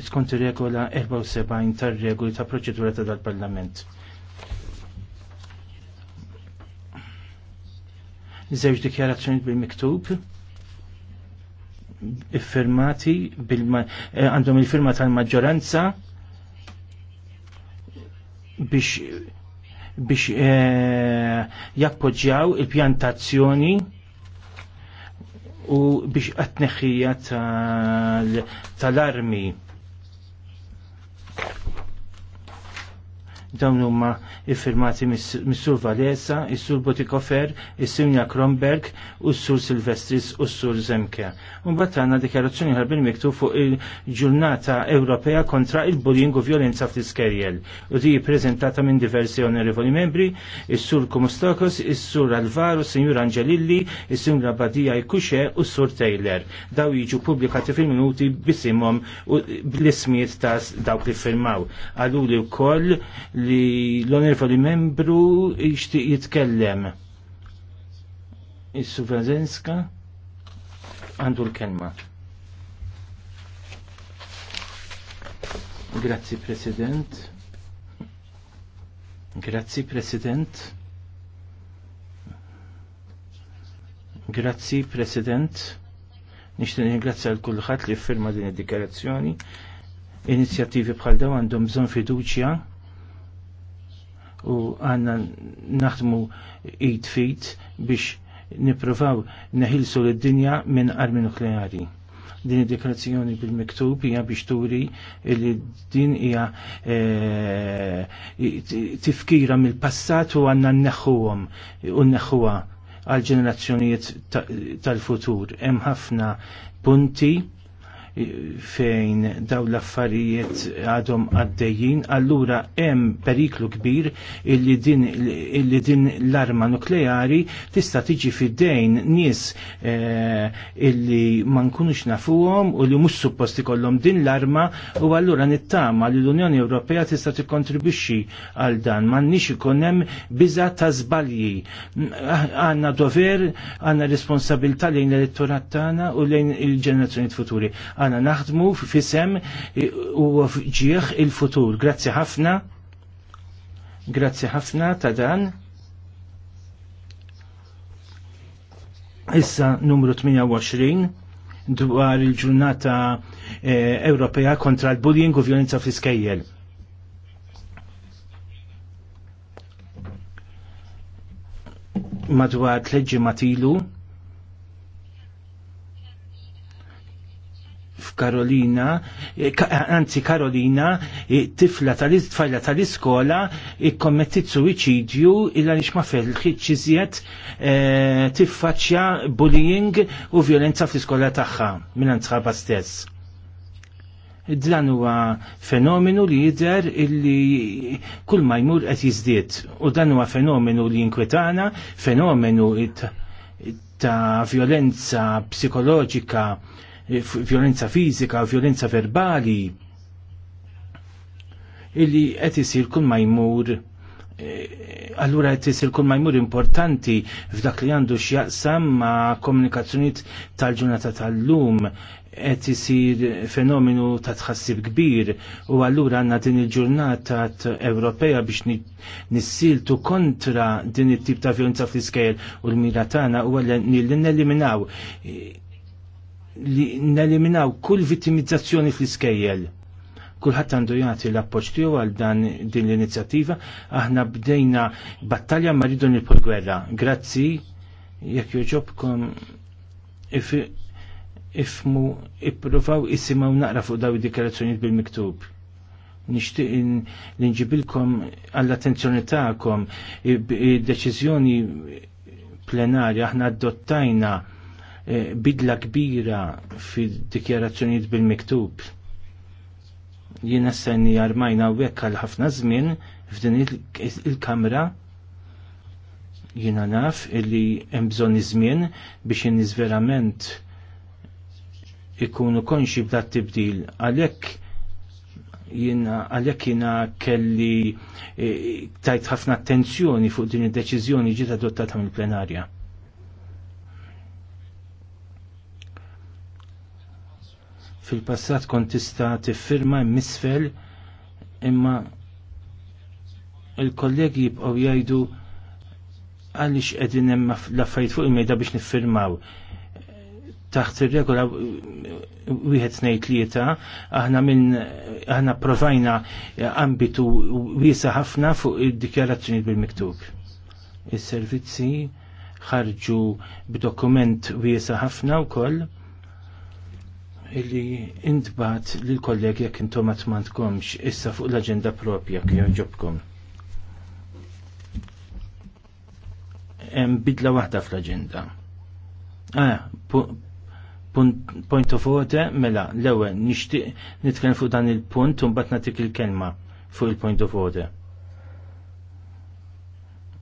skont regola 74 tar-regoli ta' proċedura ta' dal-Parlament. Żewġ dikjarazzjoni bil-miktub iffirmati eh, għandhom il-firma tal-maġġoranza biex biex eh, jappoġġjaw il-pjantazzjoni u biex għatneħija tal-armi. tal armi dawn huma iffirmati mis-Sur Valesa, is-Sur Botikofer, is-Sinja Kronberg u s-Sur Silvestris u s-Sur Zemke. Mbagħad għandna dikjarazzjoni ħarbin miktu fuq il-Ġurnata Ewropea kontra il-bullying u violenza fl-iskerjel. U di ppreżentata minn diversi onorevoli membri, is-Sur Kumustokos, is-Sur Alvaro, sinjur Angelilli, is-Sinjura Badija Jkuxe u s-Sur Taylor. Daw jiġu pubblikati fil-minuti bisimhom u bl-ismijiet ta' dawk li firmaw. Għaluli wkoll li l-onerfoli membru jixtieq jitkellem. Is-Suvazenska għandu l-kelma. Grazzi President. Grazzi President. Grazzi President. Nixtieq ringrazzja l kulħadd li firma din id-dikarazzjoni. Inizjattivi bħal dawn għandhom bżonn fiduċja u għanna naħdmu id fit biex niprofaw neħilsu l-dinja minn armi nukleari. Din id-deklarazzjoni bil-miktub hija biex turi li din hija e, tifkira mill-passat u għanna nneħħuhom u nneħħuha għal ġenerazzjonijiet tal-futur. Hemm ħafna punti fejn daw l-affarijiet għadhom għaddejjin, allura hemm periklu kbir illi din, l-arma nukleari tista' tiġi fid-dejn nies eh, illi ma nkunux nafuhom u li mhux suppost ikollhom din l-arma u allura nittama li l-Unjoni Ewropea tista' tikkontribwixxi għal dan. M'għandniex ikun hemm biża ta' żbalji. Għandna dover, għandna responsabilità lejn l-elettorat tagħna u lejn il ġenerazzjonijiet futuri għana naħdmu fisem u ġieħ il-futur. Grazzi ħafna, grazzi ħafna ta' dan. Issa numru 28 dwar il-ġurnata eh, Ewropea kontra l-bullying u violenza fl Madwar tleġġi matilu, f'Karolina, eh, eh, anzi Karolina, eh, tifla tal-tfajla tal-iskola, ikkommettit suwiċidju illa li mafel xieċiziet tiffaċja tiffaċċja bullying u violenza fl-iskola tagħha minn stess dan huwa fenomenu li jidher illi kull ma jmur qed jiżdied u dan huwa fenomenu li jinkwetana, fenomenu ta' violenza psikoloġika violenza fizika, violenza verbali, illi qed isir kun ma jmur eh, allura qed isir kun ma jmur importanti f'dak li għandu x'jaqsam ma' komunikazzjonijiet tal-ġurnata tal-lum qed isir fenomenu ta' tħassib kbir u allura għandna din il-ġurnata Ewropea biex nissiltu kontra din it-tip ta' violenza fl-iskejl u l-mira tagħna huwa li neliminaw li neliminaw kull vittimizzazzjoni fl-iskejjel. Kulħadd għandu jagħti l-appoġġ tiegħu għal dan din l-inizjattiva, aħna bdejna battalja ma ridu nilpol gwerra. Grazzi jekk joġobkom ifmu ippruvaw issimaw naqra fuq daw id-dikarazzjonijiet bil-miktub nishtiq l-inġibilkom għall-attenzjoni ta'kom deċizjoni plenarja aħna adottajna Eh, bidla kbira fid-dikjarazzjonijiet bil-miktub. Jiena s-senni armajna għekka għal ħafna żmien f'din il-kamra jiena naf illi hemm bżonn iż-żmien biex in verament ikunu konxi b'dat tibdil għalhekk jina għalek jina kelli eh, tajt ħafna attenzjoni fuq din id-deċizjoni ġiet adottat mill-plenarja. Fil-passat kont tista' tiffirma misfel imma il-kollegi jibqgħu jgħidu għaliex qegħdin hemm l-affarijiet fuq il-mejda biex niffirmaw taħt ir-regola wieħed ngħid tlieta aħna minn aħna provajna ambitu wiesa ħafna fuq id-dikjarazzjoni bil-miktub. Is-servizzi ħarġu b'dokument wiesa ħafna wkoll illi intbat lil kollegi jekk intom ma tmantkomx issa fuq l-aġenda propja kif joġobkom. Hemm bidla waħda fl-aġenda. Ah, point of order, mela, l-ewwel nixtieq nitkellem fuq dan il-punt u mbagħad nagħtik il-kelma fuq il-point of order.